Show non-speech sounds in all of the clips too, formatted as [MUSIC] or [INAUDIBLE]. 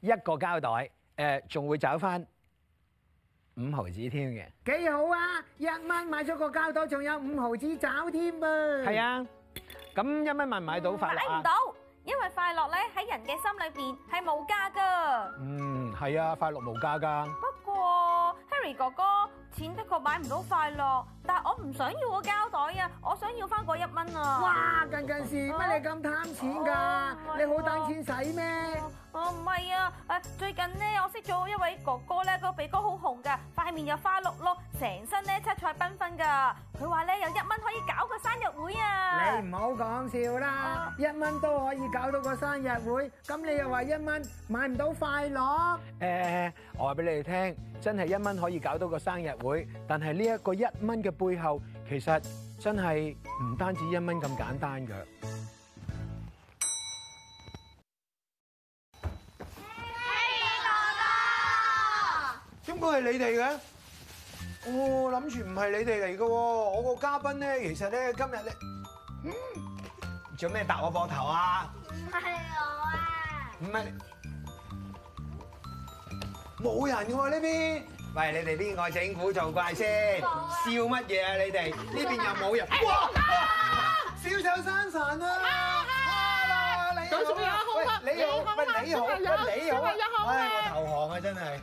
一個膠袋，誒，仲會找翻五毫子添嘅。幾好啊！一蚊買咗個膠袋，仲有五毫子找添噃！係啊，咁一蚊買唔買到快樂？買唔到，因為快樂咧喺人嘅心裏邊係無價噶。嗯，係啊，快樂無價噶。不過 Harry 哥哥，錢的確買唔到快樂，但係我唔想要個膠袋啊，我想要翻個一蚊啊！哇，近近時，乜你咁貪錢噶？你好等錢使咩？我唔係啊！誒，最近咧我識咗一位哥哥咧，個鼻哥好紅噶，塊面又花碌碌，成身咧七彩繽紛噶。佢話咧有一蚊可以搞個生日會啊！你唔好講笑啦，一蚊都可以搞到個生日會，咁你又話一蚊買唔到快樂？誒，我話俾你哋聽，真係一蚊可以搞到個生日會，但係呢一個一蚊嘅背後，其實真係唔單止一蚊咁簡單㗎。都係你哋嘅，我諗住唔係你哋嚟嘅。我個嘉賓咧，其實咧今日咧，嗯，做咩搭我膊頭啊？唔係我啊！唔係，冇人嘅呢邊。喂，你哋邊個政府做怪先，笑乜嘢啊？你哋呢邊又冇人。哇！小丑 Sound Sound 啊！你好啊，你好啊，你好啊，你好啊，你好啊，你好啊！我投降啊，真係。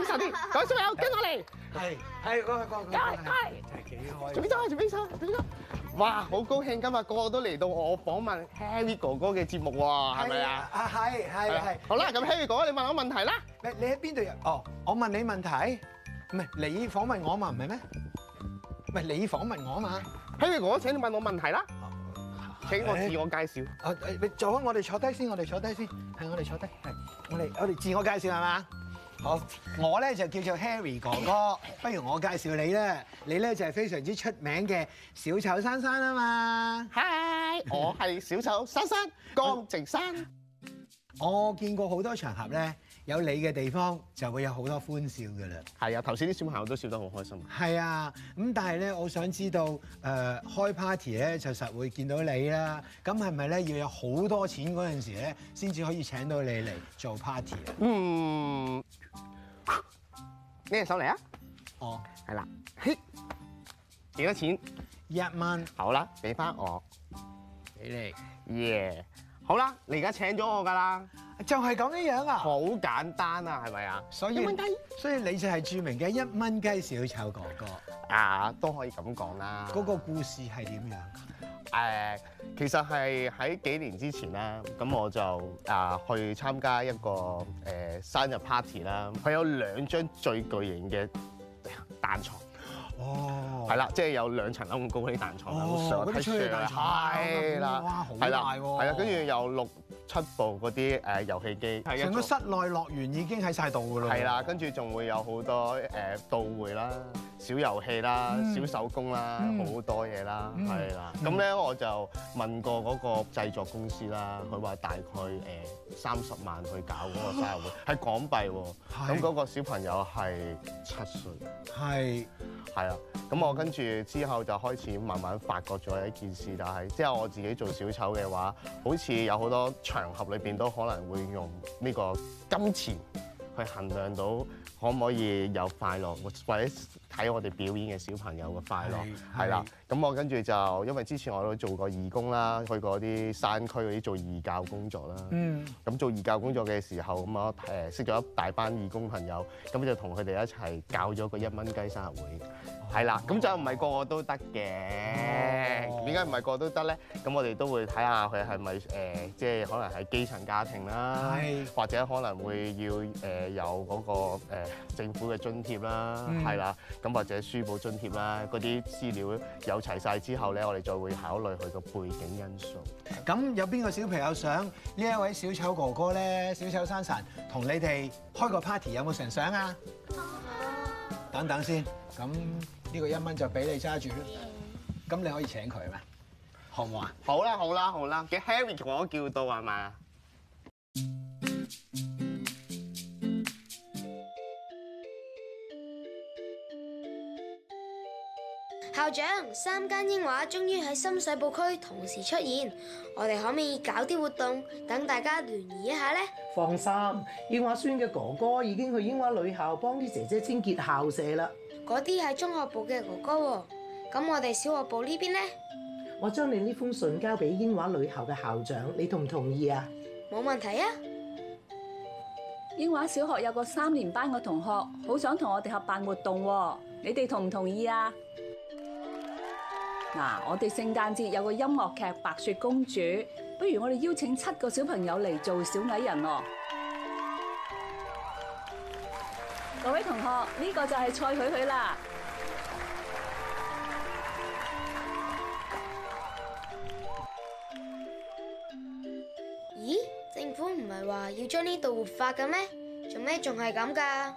邊手啲？各位小朋友跟我嚟，係係，各位各位，係係，仲邊手啊？仲邊手啊？仲邊手？哇，好高興今日個個都嚟到我訪問 Harry 哥哥嘅節目喎，係咪啊？啊係係係，好啦，咁 Harry 哥哥你問我問題啦。你你喺邊度人？哦，我問你問題，唔係你訪問我啊嘛，唔係咩？唔係你訪問我啊嘛，Harry 哥哥請你問我問題啦，請我自我介紹。誒誒，你坐翻我哋坐低先，我哋坐低先，係我哋坐低，係我哋我哋自我介紹，係嘛？好，我咧就叫做 Harry 哥哥，不如我介紹你啦。你咧就係非常之出名嘅小丑珊珊啊嘛。Hi，我係小丑 Sound Sound，江直生。 [LAUGHS] 我見過好多場合咧，有你嘅地方就會有好多歡笑噶啦。係啊，頭先啲小朋友都笑得好開心。係啊，咁但係咧，我想知道誒、呃，開 party 咧就實會見到你啦。咁係咪咧要有好多錢嗰陣時咧，先至可以請到你嚟做 party 啊？嗯。咩手嚟啊？哦、oh.，係啦。幾多錢？一蚊。好啦，俾翻我。俾你。耶、yeah.！好啦，你而家請咗我噶啦，就係咁嘅樣啊。好簡單啊，係咪啊？所以，一蚊雞，所以你就係著名嘅一蚊雞小丑哥哥啊，都可以咁講啦。嗰、那個故事係點樣？Uh, 其實係喺幾年之前啦，咁我就啊、uh, 去參加一個誒、uh, 生日 party 啦。佢有兩張最巨型嘅彈床，哦，係啦，即係有兩層樓咁高嗰啲彈床，好、oh. 上、哦、啊，大啦，係啦，係啦，跟住有六七部嗰啲誒遊戲機，成個室內樂園已經喺曬度噶啦，係啦，跟住仲會有好多道會啦。Uh, 小遊戲啦、嗯、小手工啦、嗯、好多嘢啦，係、嗯、啦。咁、嗯、咧我就問過嗰個製作公司啦，佢、嗯、話大概誒三十萬去搞嗰個生日會，係、啊、港幣喎、啊。咁嗰個小朋友係七歲，係係啊。咁我跟住之後就開始慢慢發覺咗一件事，就係即係我自己做小丑嘅話，好似有好多場合裏邊都可能會用呢個金錢去衡量到可唔可以有快樂，或者，睇我哋表演嘅小朋友嘅快樂，係啦。咁我跟住就，因為之前我都做過義工啦，去過啲山區嗰啲做義教工作啦。嗯。咁做義教工作嘅時候，咁我誒識咗一大班義工朋友，咁就同佢哋一齊教咗個一蚊雞生日會。係、哦、啦，咁就唔係個個都得、哦、個都得嘅。點解唔係個都得咧？咁我哋都會睇下佢係咪誒，即係可能係基層家庭啦，或者可能會要誒、呃、有嗰、嗰個、呃、政府嘅津貼啦。係、嗯、啦。咁或者書簿津貼啦，嗰啲資料有齊晒之後咧，我哋再會考慮佢個背景因素。咁有邊個小朋友想呢一位小丑哥哥咧，小丑 Sound Sound 同你哋開個 party 有冇成想啊、嗯？等等先，咁呢個一蚊就俾你揸住，咁你可以請佢咩？好唔好啊？好啦好啦好啦，嘅 Harry 我叫到係嘛？是校長，三間英華終於喺深水埗區同時出現，我哋可唔可以搞啲活動，等大家聯誼一下呢？放心，英華孫嘅哥哥已經去英華女校幫啲姐姐清潔校舍啦。嗰啲係中學部嘅哥哥，咁我哋小學部呢邊呢？我將你呢封信交俾英華女校嘅校長，你同唔同意啊？冇問題啊！英華小學有個三年班嘅同學好想同我哋合辦活動，你哋同唔同意啊？嗱、啊，我哋聖誕節有個音樂劇《白雪公主》，不如我哋邀請七個小朋友嚟做小矮人哦、啊。各位同學，呢、這個就係蔡許許啦。咦？政府唔係話要將呢度活化嘅咩？做咩仲係咁噶？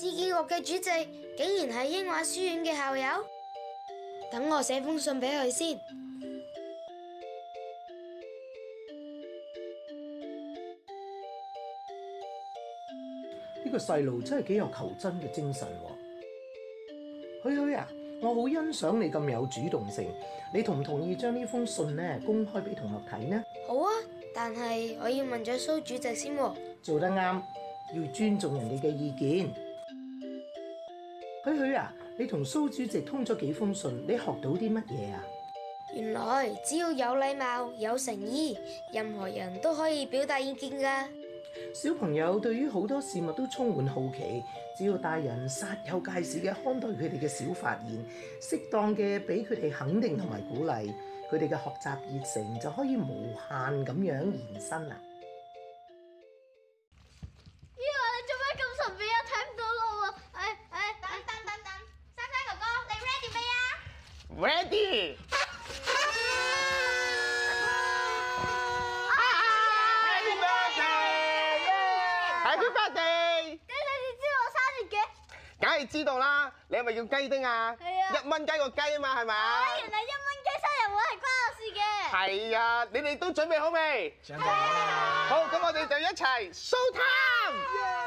事件局嘅主席竟然係英華書院嘅校友，等我寫封信俾佢先。呢個細路真係幾有求真嘅精神喎、哦，許許啊，我好欣賞你咁有主動性。你同唔同意將呢封信咧公開俾同學睇呢？好啊，但係我要問咗蘇主席先喎、哦。做得啱，要尊重人哋嘅意見。許許啊，你同蘇主席通咗幾封信，你學到啲乜嘢啊？原來只要有禮貌、有誠意，任何人都可以表達意見㗎。小朋友對於好多事物都充滿好奇，只要大人煞有介事嘅看待佢哋嘅小發現，適當嘅俾佢哋肯定同埋鼓勵，佢哋嘅學習熱誠就可以無限咁樣延伸啦。Ready！Happy birthday！Happy birthday！咁你哋知道我生日嘅？梗係知道啦，你係咪叫雞丁啊？係啊。一蚊雞個雞啊嘛，係咪啊？原來一蚊雞生日會係關我事嘅。係啊，你哋都準備好未？準備好啦。好，咁我哋就一齊 show time！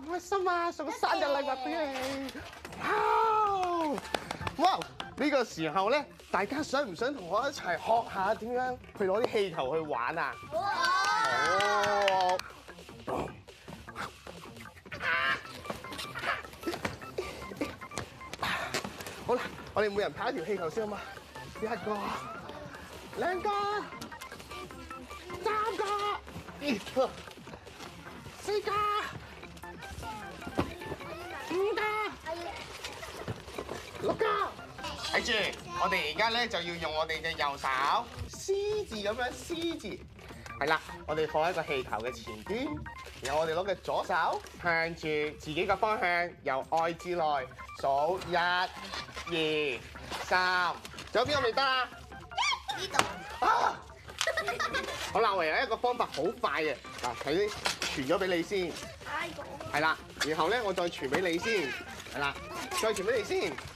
開心啊！送生日禮物俾你。哇！哇！呢個時候咧，大家想唔想同我一齊學下點樣去攞啲氣球去玩啊？好。好。好啦，我哋每人拍一條氣球先啊嘛。一個、兩個、三個、四個。住！我哋而家咧就要用我哋嘅右手，C 字咁樣 C 字，係啦，我哋放喺個氣球嘅前端，然後我哋攞嘅左手向住自己嘅方向，由外至內數一、二、三，走邊個咪得 [LAUGHS] 啊？呢度好啦，我有一個方法好快嘅，嗱，睇先，傳咗俾你先，係啦，然後咧我再傳俾你先，係啦，再傳俾你先。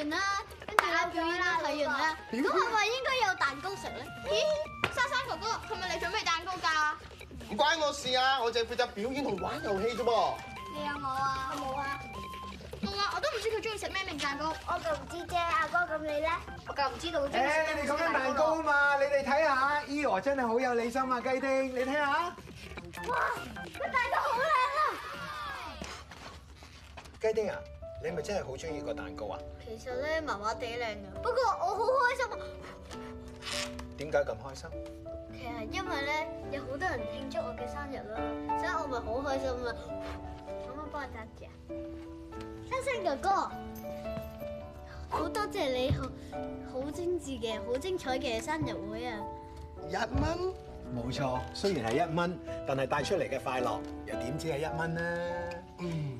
完啦，跟住咧，表演都睇完啦。咁係咪應該有蛋糕食咧？咦，Sound Sound 哥哥，係咪你做咩蛋糕噶？唔關我事啊，我淨係負責表演同玩遊戲啫噃。你有冇啊？我冇啊，冇啊，我都唔知佢中意食咩味蛋糕，我夠唔知啫。阿哥咁你咧？我夠唔知道啫。誒，你哋講緊蛋糕啊嘛？你哋睇下，Eo 真係好有理想啊，雞丁，你睇下。哇，個蛋糕好靚啊！雞丁啊！你咪真係好中意個蛋糕啊！其實咧麻麻地靚㗎。不過我好開心啊！點解咁開心？其實因為咧有好多人慶祝我嘅生日咯，所以我咪好開心啊！可唔可以幫我打字啊？Sound Sound 哥哥，好多謝你，好、好精緻嘅、好精彩嘅生日會啊！一蚊？冇錯，雖然係一蚊，但係帶出嚟嘅快樂又點知係一蚊呢？嗯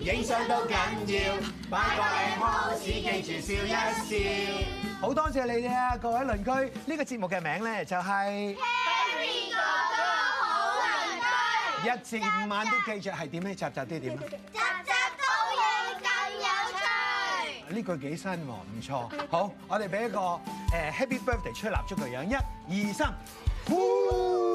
影相都緊要，擺個 pose 記住笑一笑。好多謝你哋啊，各位鄰居。呢、這個節目嘅名咧就係、是《Happy 個個好鄰居》。一至五晚都記住係點是？咩集集啲點？集集都有更有趣。呢句幾新喎？唔錯。好，我哋俾一個誒 Happy Birthday 吹蠟燭嘅樣，一、二、三，呼！ [LAUGHS]